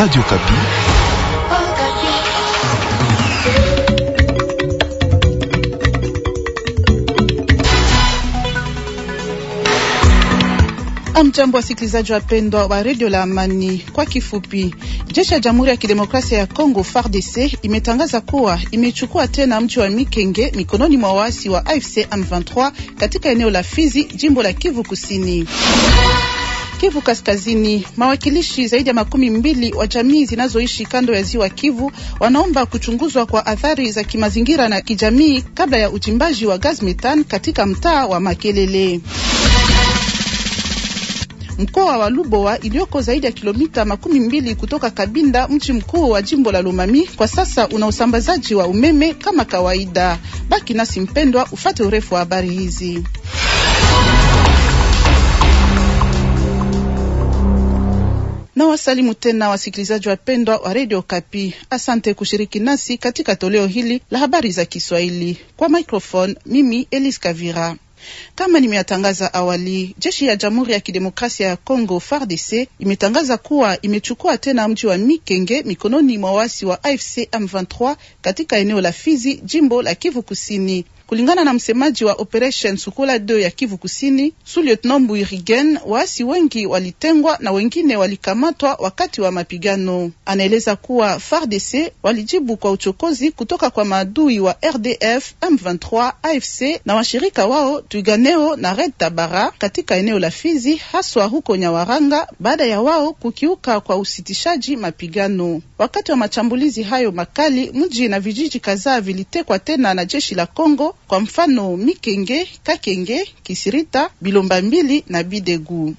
Radio Kapi. Amjambo, wasikilizaji wapendwa wa redio la Amani. Kwa kifupi, jeshi ya Jamhuri ya Kidemokrasia ya Kongo FARDC imetangaza kuwa imechukua tena mji wa Mikenge mikononi mwa waasi wa AFC M23 katika eneo la Fizi, jimbo la Kivu Kusini. Kivu Kaskazini, mawakilishi zaidi ya makumi mbili wa jamii zinazoishi kando ya ziwa Kivu wanaomba kuchunguzwa kwa athari za kimazingira na kijamii kabla ya uchimbaji wa gaz metan katika mtaa wa Makelele. Mkoa wa Lubowa iliyoko zaidi ya kilomita makumi mbili kutoka Kabinda, mji mkuu wa jimbo la Lomami, kwa sasa una usambazaji wa umeme kama kawaida. Baki nasi mpendwa, ufate urefu wa habari hizi. Tunawasalimu tena wasikilizaji wapendwa wa redio Kapi. Asante kushiriki nasi katika toleo hili la habari za Kiswahili. Kwa microphone mimi Elise Kavira. Kama nimeyatangaza awali, jeshi ya Jamhuri ya Kidemokrasia ya Congo, FARDC imetangaza kuwa imechukua tena mji wa Mikenge mikononi mwa waasi wa AFC M23 katika eneo la Fizi, jimbo la Kivu Kusini. Kulingana na msemaji wa Operation Sukula 2 ya Kivu Kusini, Sullieutenant Mbuirigen, waasi wengi walitengwa na wengine walikamatwa wakati wa mapigano. Anaeleza kuwa FARDC walijibu kwa uchokozi kutoka kwa maadui wa RDF, M23, AFC na washirika wao Twiganeo na Red Tabara katika eneo la Fizi, haswa huko Nyawaranga, baada ya wao kukiuka kwa usitishaji mapigano. Wakati wa machambulizi hayo makali, mji na vijiji kadhaa vilitekwa tena na jeshi la congo kwa mfano Mikenge, Kakenge, Kisirita, Bilomba mbili na Bidegu.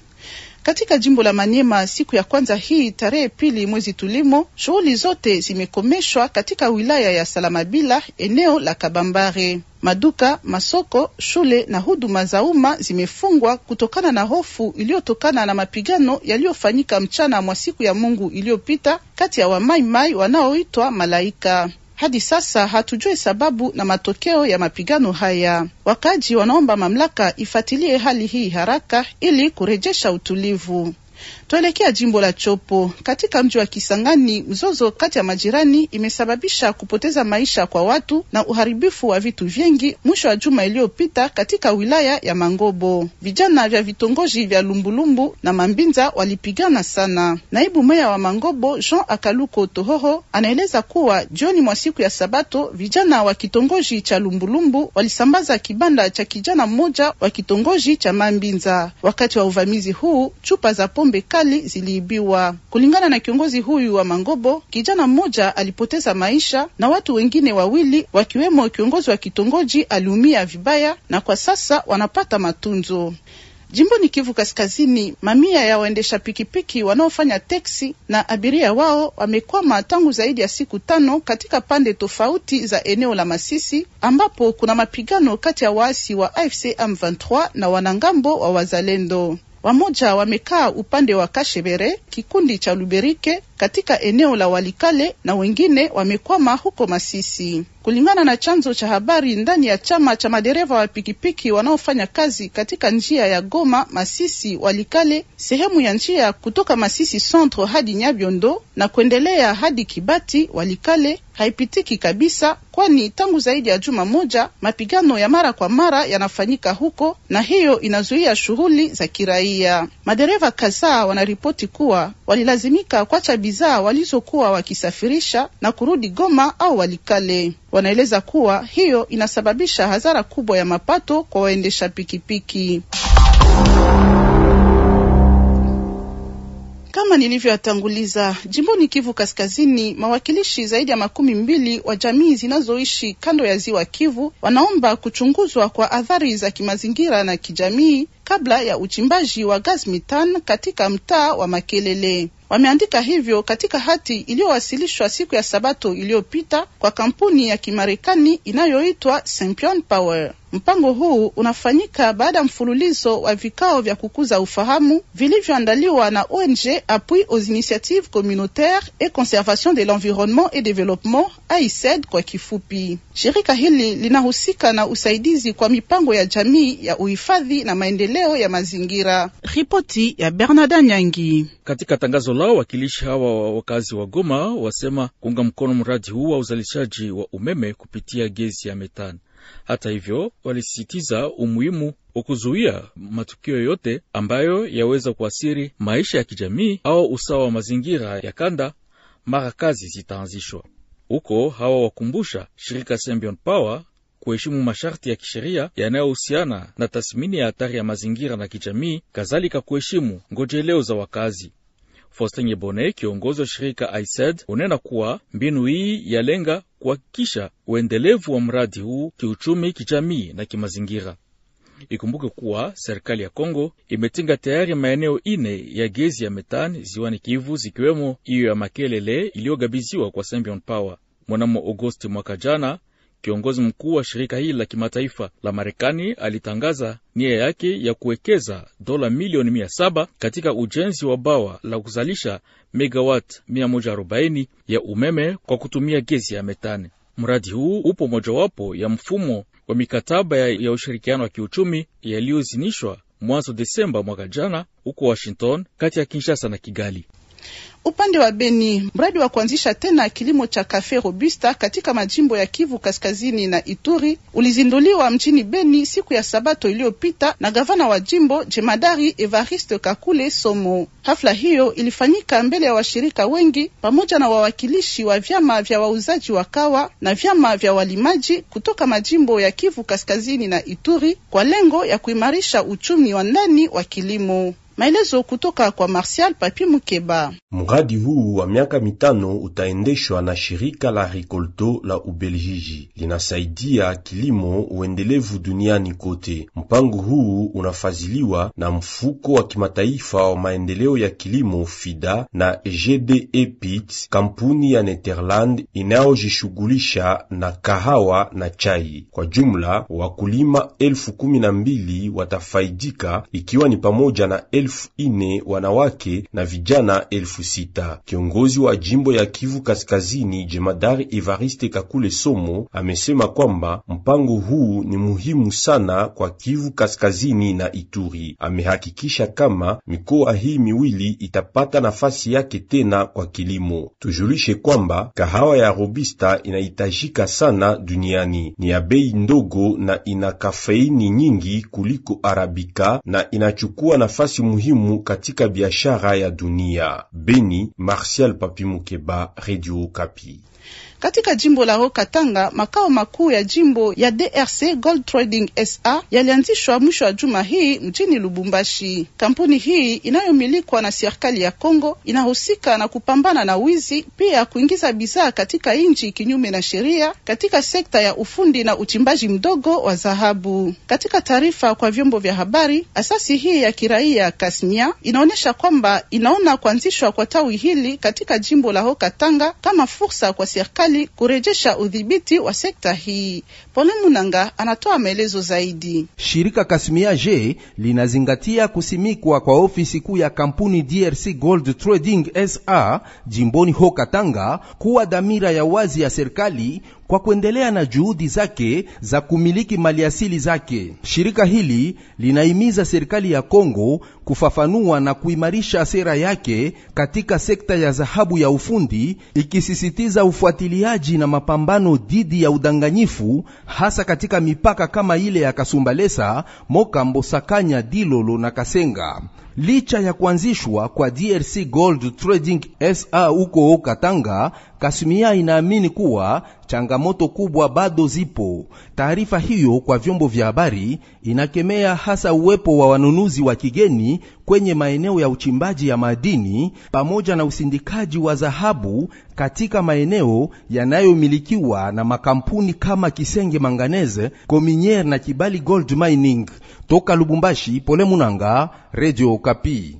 Katika jimbo la Manyema siku ya kwanza hii tarehe pili mwezi tulimo, shughuli zote zimekomeshwa katika wilaya ya Salamabila, eneo la Kabambare. Maduka, masoko, shule na huduma za umma zimefungwa kutokana na hofu iliyotokana na mapigano yaliyofanyika mchana mwa siku ya Mungu iliyopita kati ya wamaimai wanaoitwa Malaika. Hadi sasa hatujui sababu na matokeo ya mapigano haya. Wakaji wanaomba mamlaka ifuatilie hali hii haraka ili kurejesha utulivu. Tuelekea jimbo la Chopo katika mji wa Kisangani. Mzozo kati ya majirani imesababisha kupoteza maisha kwa watu na uharibifu wa vitu vingi mwisho wa juma iliyopita katika wilaya ya Mangobo. Vijana vya vitongoji vya Lumbulumbu na Mambinza walipigana sana. Naibu meya wa Mangobo Jean Akaluko tohoho anaeleza kuwa jioni mwa siku ya Sabato vijana wa kitongoji cha Lumbulumbu walisambaza kibanda cha kijana mmoja wa kitongoji cha Mambinza. Wakati wa uvamizi huu chupa za pombe serikali ziliibiwa. Kulingana na kiongozi huyu wa Mangobo, kijana mmoja alipoteza maisha na watu wengine wawili wakiwemo kiongozi wa kitongoji aliumia vibaya na kwa sasa wanapata matunzo. Jimboni Kivu Kaskazini, mamia ya waendesha pikipiki wanaofanya teksi na abiria wao wamekwama tangu zaidi ya siku tano katika pande tofauti za eneo la Masisi, ambapo kuna mapigano kati ya waasi wa AFC M23 na wanangambo wa Wazalendo. Wamoja wamekaa upande wa Kashebere, kikundi cha Luberike katika eneo la Walikale na wengine wamekwama huko Masisi. Kulingana na chanzo cha habari ndani ya chama cha madereva wa pikipiki wanaofanya kazi katika njia ya Goma Masisi Walikale, sehemu ya njia kutoka Masisi centre hadi Nyabiondo na kuendelea hadi Kibati Walikale haipitiki kabisa, kwani tangu zaidi ya juma moja mapigano ya mara kwa mara yanafanyika huko, na hiyo inazuia shughuli za kiraia. Madereva kadhaa wanaripoti kuwa walilazimika kuacha bidhaa walizokuwa wakisafirisha na kurudi Goma au Walikale. Wanaeleza kuwa hiyo inasababisha hasara kubwa ya mapato kwa waendesha pikipiki. Kama nilivyoyatanguliza, jimboni Kivu Kaskazini, mawakilishi zaidi ya makumi mbili wa jamii zinazoishi kando ya ziwa Kivu wanaomba kuchunguzwa kwa athari za kimazingira na kijamii kabla ya uchimbaji wa gas mitan katika mtaa wa Makelele. Wameandika hivyo katika hati iliyowasilishwa siku ya Sabato iliyopita kwa kampuni ya Kimarekani inayoitwa Sempion Power. Mpango huu unafanyika baada ya mfululizo wa vikao vya kukuza ufahamu vilivyoandaliwa na ONG Appui aux Initiatives Communautaires et Conservation de l'Environnement et Développement, AICED kwa kifupi. Shirika hili linahusika na usaidizi kwa mipango ya jamii ya uhifadhi na maendeleo ya mazingira. Ripoti ya Bernarda Nyangi. Katika tangazo lao, wakilishi hawa wa wakazi wa Goma wasema kuunga mkono mradi huu wa uzalishaji wa umeme kupitia gesi ya metani. Hata hivyo, walisisitiza umuhimu wa kuzuia matukio yote ambayo yaweza kuathiri maisha ya kijamii au usawa wa mazingira ya kanda mara kazi zitaanzishwa huko. Hawa wakumbusha shirika sambion Power kuheshimu masharti ya kisheria yanayohusiana na tathmini ya hatari ya mazingira na kijamii, kadhalika kuheshimu ngojeleo za wakazi. Faustin Nyebone, kiongozi wa shirika AISED, unena kuwa mbinu hii yalenga kuhakikisha uendelevu wa mradi huu kiuchumi, kijamii na kimazingira. Ikumbuke kuwa serikali ya Kongo imetenga tayari maeneo ine ya gezi ya metani ziwani Kivu, zikiwemo hiyo ya Makelele iliyogabiziwa kwa symbion Power mwanamo Agosti mwaka jana. Kiongozi mkuu wa shirika hili la kimataifa la Marekani alitangaza nia yake ya kuwekeza dola milioni 7 katika ujenzi wa bawa la kuzalisha megawat 140 ya umeme kwa kutumia gesi ya metani. Mradi huu upo mojawapo ya mfumo wa mikataba ya, ya ushirikiano wa kiuchumi yaliyozinishwa mwanzo Desemba mwaka jana huko Washington kati ya Kinshasa na Kigali. Upande wa Beni, mradi wa kuanzisha tena kilimo cha kafe robusta katika majimbo ya Kivu Kaskazini na Ituri ulizinduliwa mjini Beni siku ya Sabato iliyopita na gavana wa jimbo jemadari Evariste Kakule Somo. Hafla hiyo ilifanyika mbele ya washirika wengi pamoja na wawakilishi wa vyama vya wauzaji wa kawa na vyama vya walimaji kutoka majimbo ya Kivu Kaskazini na Ituri kwa lengo ya kuimarisha uchumi wa ndani wa kilimo. Maelezo kutoka kwa Martial Papi Mukeba. Mradi huu wa miaka mitano utaendeshwa na shirika la Ricolto la Ubeljiji, linasaidia kilimo uendelevu duniani kote. Mpango huu unafadhiliwa na mfuko wa kimataifa wa maendeleo ya kilimo FIDA na GDEPIT, kampuni ya Netherland inayojishughulisha na kahawa na chai. Kwa jumla wakulima elfu kumi na mbili watafaidika ikiwa ni pamoja na elfu elfu ine wanawake na vijana elfu sita. Kiongozi wa jimbo ya Kivu Kaskazini, jemadari Evariste Kakule Somo amesema kwamba mpango huu ni muhimu sana kwa Kivu Kaskazini na Ituri. Amehakikisha kama mikoa hii miwili itapata nafasi yake tena kwa kilimo. Tujulishe kwamba kahawa ya Robista inahitajika sana duniani, ni ya bei ndogo na ina kafeini nyingi kuliko arabika na inachukua nafasi muhimu katika biashara ya dunia. Beni, Martial Papi Radio Kapi. Katika jimbo la Haut Katanga, makao makuu ya jimbo ya DRC Gold Trading SA yalianzishwa mwisho wa juma hii mjini Lubumbashi. Kampuni hii inayomilikwa na serikali ya Kongo inahusika na kupambana na wizi, pia kuingiza bidhaa katika nchi kinyume na sheria katika sekta ya ufundi na uchimbaji mdogo wa dhahabu. Katika taarifa kwa vyombo vya habari, asasi hii ya kiraia Kasmia inaonyesha kwamba inaona kuanzishwa kwa tawi hili katika jimbo la Haut Katanga kama fursa kwa serikali serikali kurejesha udhibiti wa sekta hii. Pole Munanga anatoa maelezo zaidi. Shirika Kasimia J linazingatia kusimikwa kwa ofisi kuu ya kampuni DRC Gold Trading SA jimboni Hokatanga Katanga kuwa dhamira ya wazi ya serikali kwa kuendelea na juhudi zake za kumiliki maliasili zake. Shirika hili linahimiza serikali ya Kongo kufafanua na kuimarisha sera yake katika sekta ya dhahabu ya ufundi, ikisisitiza ufuatiliaji na mapambano dhidi ya udanganyifu, hasa katika mipaka kama ile ya Kasumbalesa, Mokambo, Sakanya, Dilolo na Kasenga. Licha ya kuanzishwa kwa DRC Gold Trading SA huko Katanga Kasumia inaamini kuwa changamoto kubwa bado zipo. Taarifa hiyo kwa vyombo vya habari inakemea hasa uwepo wa wanunuzi wa kigeni kwenye maeneo ya uchimbaji ya madini pamoja na usindikaji wa dhahabu katika maeneo yanayomilikiwa na makampuni kama Kisenge Manganese, Cominiere na Kibali Gold Mining. Toka Lubumbashi, Pole Munanga, Radio Kapi.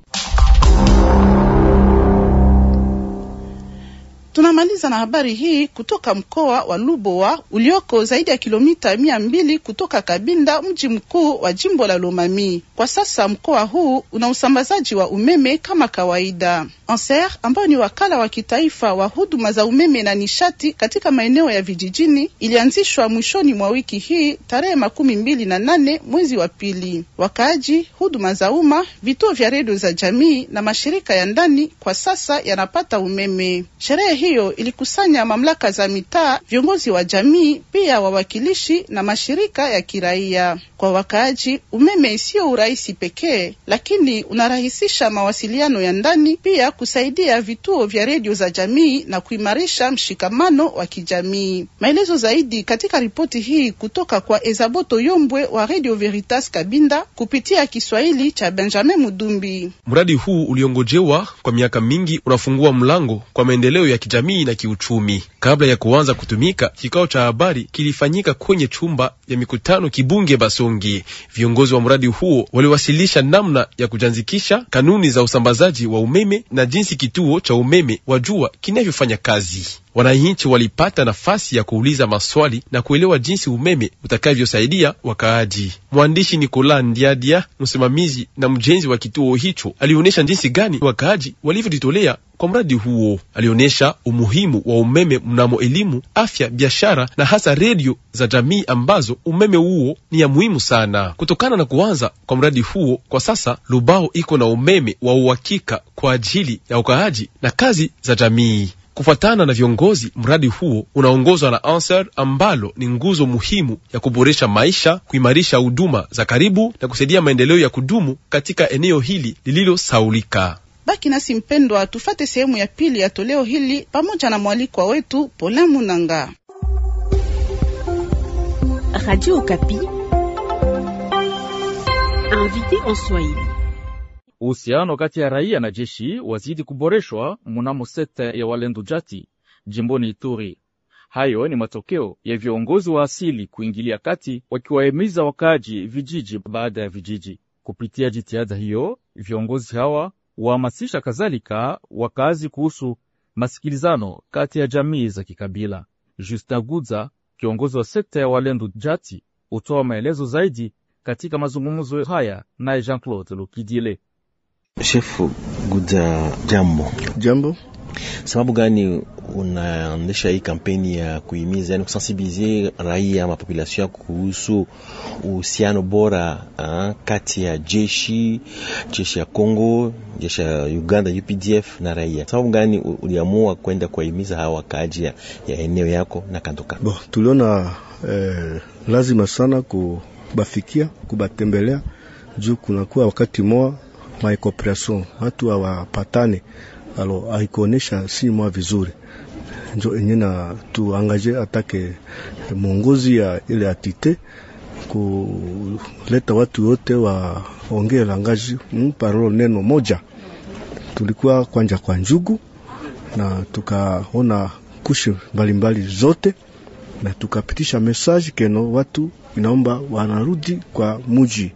Tunamaliza na habari hii kutoka mkoa wa Lubowa ulioko zaidi ya kilomita mia mbili kutoka Kabinda, mji mkuu wa jimbo la Lomami. Kwa sasa mkoa huu una usambazaji wa umeme kama kawaida. Anser, ambayo ni wakala wa kitaifa wa huduma za umeme na nishati katika maeneo ya vijijini, ilianzishwa mwishoni mwa wiki hii tarehe makumi mbili na nane mwezi wa pili. Wakaaji, huduma za umma, vituo vya redio za jamii na mashirika ya ndani kwa sasa yanapata umeme. Sherehe hiyo ilikusanya mamlaka za mitaa, viongozi wa jamii, pia wawakilishi na mashirika ya kiraia. Kwa wakaaji, umeme sio urahisi pekee, lakini unarahisisha mawasiliano ya ndani, pia kusaidia vituo vya redio za jamii na kuimarisha mshikamano wa kijamii. Maelezo zaidi katika ripoti hii kutoka kwa Ezaboto Yombwe wa Radio Veritas Kabinda kupitia Kiswahili cha Benjamin Mudumbi. Mradi huu uliongojewa kwa miaka mingi unafungua mlango kwa maendeleo ya kijamii na kiuchumi. Kabla ya kuanza kutumika, kikao cha habari kilifanyika kwenye chumba ya mikutano kibunge Basongi. Viongozi wa mradi huo waliwasilisha namna ya kujanzikisha kanuni za usambazaji wa umeme na jinsi kituo cha umeme wa jua kinavyofanya kazi wananchi walipata nafasi ya kuuliza maswali na kuelewa jinsi umeme utakavyosaidia wakaaji. Mwandishi Nikola Ndiadia, msimamizi na mjenzi wa kituo hicho, alionyesha jinsi gani wakaaji walivyojitolea kwa mradi huo. Alionyesha umuhimu wa umeme mnamo elimu, afya, biashara na hasa redio za jamii ambazo umeme huo ni ya muhimu sana. Kutokana na kuanza kwa mradi huo, kwa sasa Lubao iko na umeme wa uhakika kwa ajili ya ukaaji na kazi za jamii. Kufuatana na viongozi, mradi huo unaongozwa na Anser ambalo ni nguzo muhimu ya kuboresha maisha, kuimarisha huduma za karibu na kusaidia maendeleo ya kudumu katika eneo hili lililosaulika. Baki nasi mpendwa, tufate sehemu ya pili ya toleo hili pamoja na mwalikwa wetu Pola Munanga. Radio Okapi, invité en Swahili. Uhusiano kati ya raia na jeshi wazidi kuboreshwa mnamo sekta ya Walendu Jati jimboni Ituri. Hayo ni matokeo ya viongozi wa asili kuingilia kati, wakiwahimiza wakaaji vijiji baada ya vijiji. Kupitia jitihada hiyo, viongozi hawa wahamasisha kadhalika wakaazi kuhusu masikilizano kati ya jamii za kikabila. Justin Gudza, kiongozi wa sekta ya Walendu Jati, hutoa maelezo zaidi katika mazungumzo haya naye Jean Claude Lukidile. Shefu, guda jambo. Jambo. Sababu gani unaendesha hii kampeni ya kuhimiza, yani kusensibilize raia ama population ya kuhusu uhusiano bora uh, kati ya jeshi jeshi ya Kongo, jeshi ya Uganda UPDF na raia? Sababu gani uliamua kwenda kuwahimiza hawa wakaaji ya eneo yako na kando kando? Bon, tuliona eh, lazima sana kubafikia kubatembelea juu kunakuwa wakati moa ma watu hawapatane, alo aikonesha si mwa vizuri, njo enye na tuangaje atake mwongozi ya ile atite kuleta watu wote waongee langaji mparolo hmm, neno moja. Tulikuwa kwanja kwa njugu na tukaona kushi mbalimbali zote na tukapitisha mesaji keno watu inaomba wanarudi kwa muji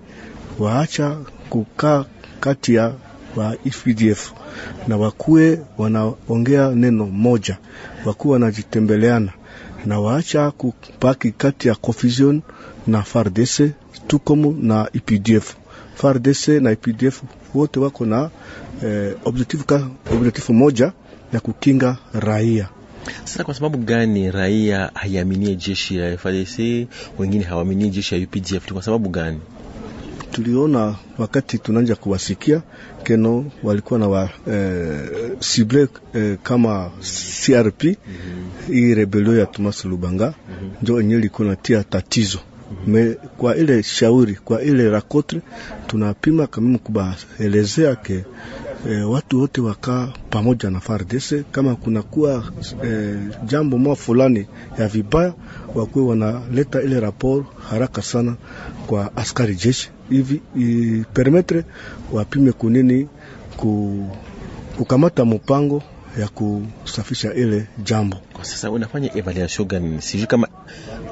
waacha kukaa kati ya wa FDF e na wakuwe wanaongea neno moja, wakuwe wanajitembeleana na waacha kupaki kati ya confusion na FARDC tukomu na IPDF. E FARDC na IPDF e wote wako na eh, objective ka, objective moja ya kukinga raia. Sasa kwa sababu gani raia haiaminie jeshi ya FARDC, wengine hawaaminie jeshi ya UPDF? Kwa sababu gani? tuliona wakati tunanja kuwasikia keno walikuwa na wa eh, sible eh, kama CRP mm -hmm. Hii rebelio ya Thomas Lubanga mm -hmm. njo enye liko natia tatizo mm -hmm. Me kwa ile shauri kwa ile rakotre tunapima mkuba elezea ke e, watu wote wakaa pamoja na FARDC kama kunakuwa e, eh, jambo mwa fulani ya vibaya, wakuwe wanaleta ile rapor haraka sana kwa askari jeshi hivi ipermetre wapime kunini ku, kukamata mpango ya kusafisha ile jambo. Kwa sasa unafanya evaluation gani? Sijui kama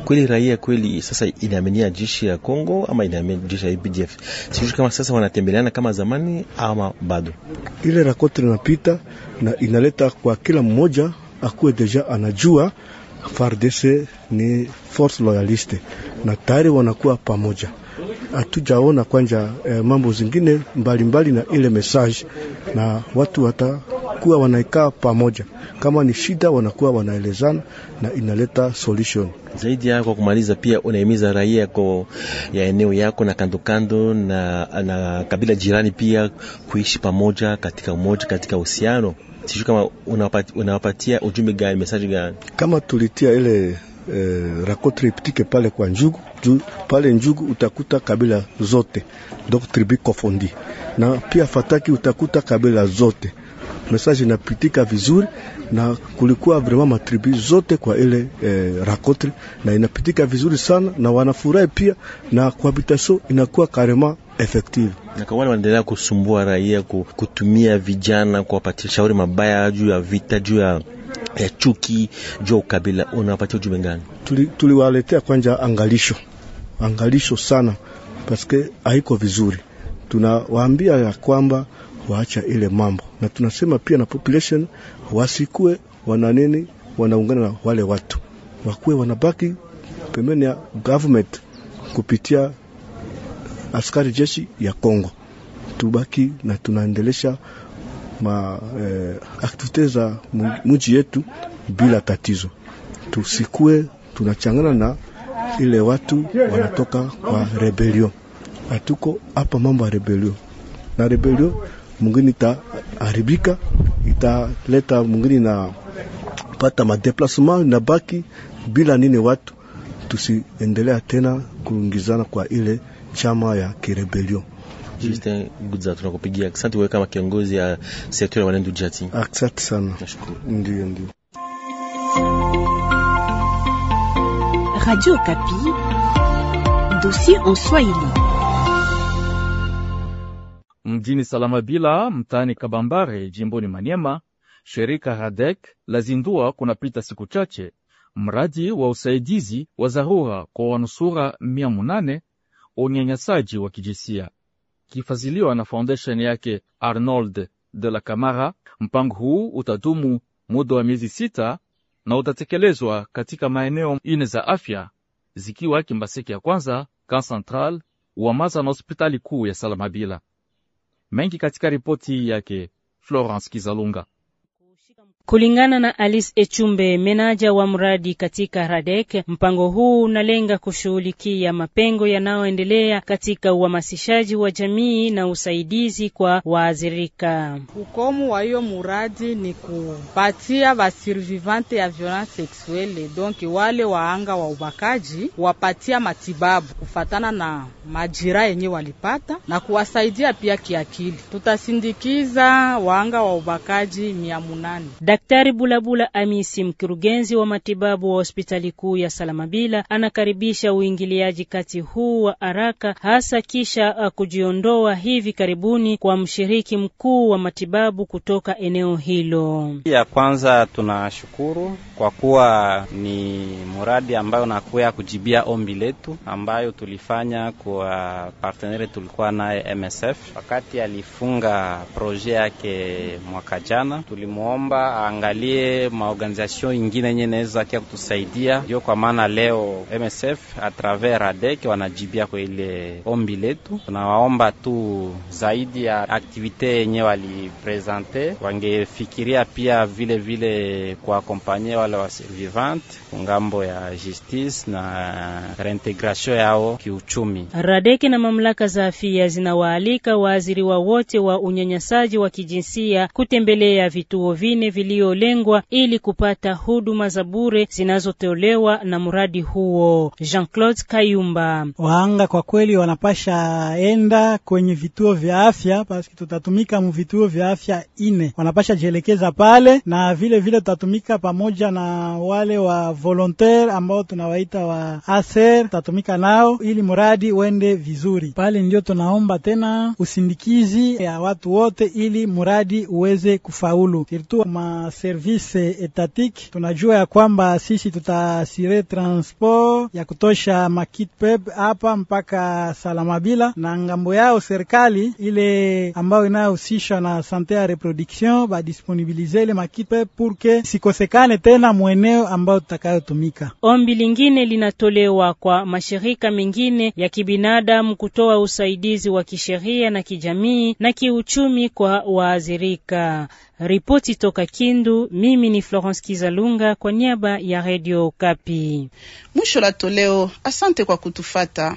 kweli raia kweli sasa inaaminia jeshi ya Kongo ama inaaminia jeshi ya UPDF. Sijui kama sasa wanatembeleana kama zamani ama bado. Ile rakoti inapita na inaleta kwa kila mmoja akuwe deja anajua FARDC ni force loyaliste na tayari wanakuwa pamoja hatujaona kwanja e, mambo zingine mbalimbali mbali na ile message, na watu watakuwa wanaikaa pamoja, kama ni shida wanakuwa wanaelezana na inaleta solution zaidi. kwa kumaliza, pia unahimiza raia kwa ya eneo yako na kandokando na, na kabila jirani pia kuishi pamoja katika umoja, katika uhusiano. Sijui kama unawapatia ujumbe gani, message gani, kama tulitia ile eh, rako triptike pale kwa njugu ju, pale njugu utakuta kabila zote donc tribu kofondi na pia fataki utakuta kabila zote message inapitika vizuri na kulikuwa vraiment matribu zote kwa ile eh, rakotre na inapitika vizuri sana na wanafurahi pia na kuhabitation inakuwa karema effective na kwa wale wanaendelea kusumbua raia kutumia vijana kuwapatia shauri mabaya juu ya vita juu ya ya chuki juu ya ukabila, unawapatia ujumbe gani? Tuliwaletea tuli kwanza angalisho, angalisho sana, paske haiko vizuri. Tunawaambia ya kwamba waacha ile mambo, na tunasema pia na population wasikue wananini wanaungana na wale watu, wakuwe wanabaki pembeni ya government kupitia askari jeshi ya Kongo. Tubaki na tunaendelesha ma eh, aktivite za muji yetu bila tatizo, tusikue tunachangana na ile watu wanatoka kwa rebelio. Hatuko hapa mambo ya rebelio na rebelio mungini itaharibika, italeta mungini na pata madeplasement na baki bila nini. Watu tusiendelea tena kurungizana kwa ile chama ya kirebelion. Justin Gudza, tunakupigia asante wewe kama kiongozi ya sekta ya Walendu Jati. Asante sana. Nashukuru. Ndio, ndio. Radio Kapi, dossier en Swahili. Mjini Salama bila mtani Kabambare, jimboni Maniema, shirika Radek lazindua kunapita siku chache mradi wa usaidizi wa dharura kwa wanusura mia munane unyanyasaji wa kijinsia kifadhiliwa na foundation yake Arnold de la Camara. Mpango huu utadumu muda wa miezi sita na utatekelezwa katika maeneo ine za afya zikiwa Kimbaseke ya kwanza, Camp Central, Wamaza na hospitali kuu ya Salamabila. Mengi katika ripoti yake Florence Kizalunga. Kulingana na Alice Echumbe, menaja wa mradi katika Radek, mpango huu unalenga kushughulikia mapengo yanayoendelea katika uhamasishaji wa jamii na usaidizi kwa waathirika. Ukomo wa hiyo muradi ni kupatia wasurvivante ya violence sexuelle, donc wale waanga wa ubakaji wapatia matibabu kufatana na majira yenye walipata na kuwasaidia pia kiakili. Tutasindikiza waanga wa ubakaji mia munane. Daktari Bulabula Amisi, mkurugenzi wa matibabu wa hospitali kuu ya Salamabila, anakaribisha uingiliaji kati huu wa haraka, hasa kisha uh, kujiondoa hivi karibuni kwa mshiriki mkuu wa matibabu kutoka eneo hilo. Ya kwanza tunashukuru kwa kuwa ni muradi ambayo nakuya kujibia ombi letu ambayo tulifanya kwa partenere tulikuwa naye MSF wakati alifunga proje yake mwaka jana, tulimwomba waangalie maorganization ingine yenye naweza kia kutusaidia, ndio kwa maana leo MSF atravers ADEC wanajibia kwa ile ombi letu. Tunawaomba tu zaidi ya aktivite yenye waliprezante, wangefikiria pia vile vile kuakompanye wale wa vivant ngambo ya justice na reintegration yao kiuchumi. Radeke na mamlaka za afya zinawaalika waaziriwa wote wa unyanyasaji wa kijinsia kutembelea vituo vine vile iliyolengwa ili kupata huduma za bure zinazotolewa na mradi huo. Jean-Claude Kayumba: waanga kwa kweli wanapasha enda kwenye vituo vya afya paski tutatumika mu vituo vya afya ine, wanapasha jielekeza pale, na vile vile tutatumika pamoja na wale wa volontaire ambao tunawaita wa aser, tutatumika nao ili mradi uende vizuri pale. Ndio tunaomba tena usindikizi ya watu wote ili mradi uweze kufaulu Kirtua ma service etatiki, tunajua ya kwamba sisi tutasire transport ya kutosha makit peb hapa mpaka Salamabila, na ngambo yao serikali ile ambayo inayohusishwa na sante ya reproduction badisponibilize ile makit peb purke sikosekane tena mweneo ambayo tutakayotumika. Ombi lingine linatolewa kwa mashirika mengine ya kibinadamu kutoa usaidizi wa kisheria na kijamii na kiuchumi kwa waathirika. Ripoti toka Kindu, mimi ni Florence Kizalunga kwa niaba ya Radio Kapi. Mwisho la toleo. Asante kwa kutufata.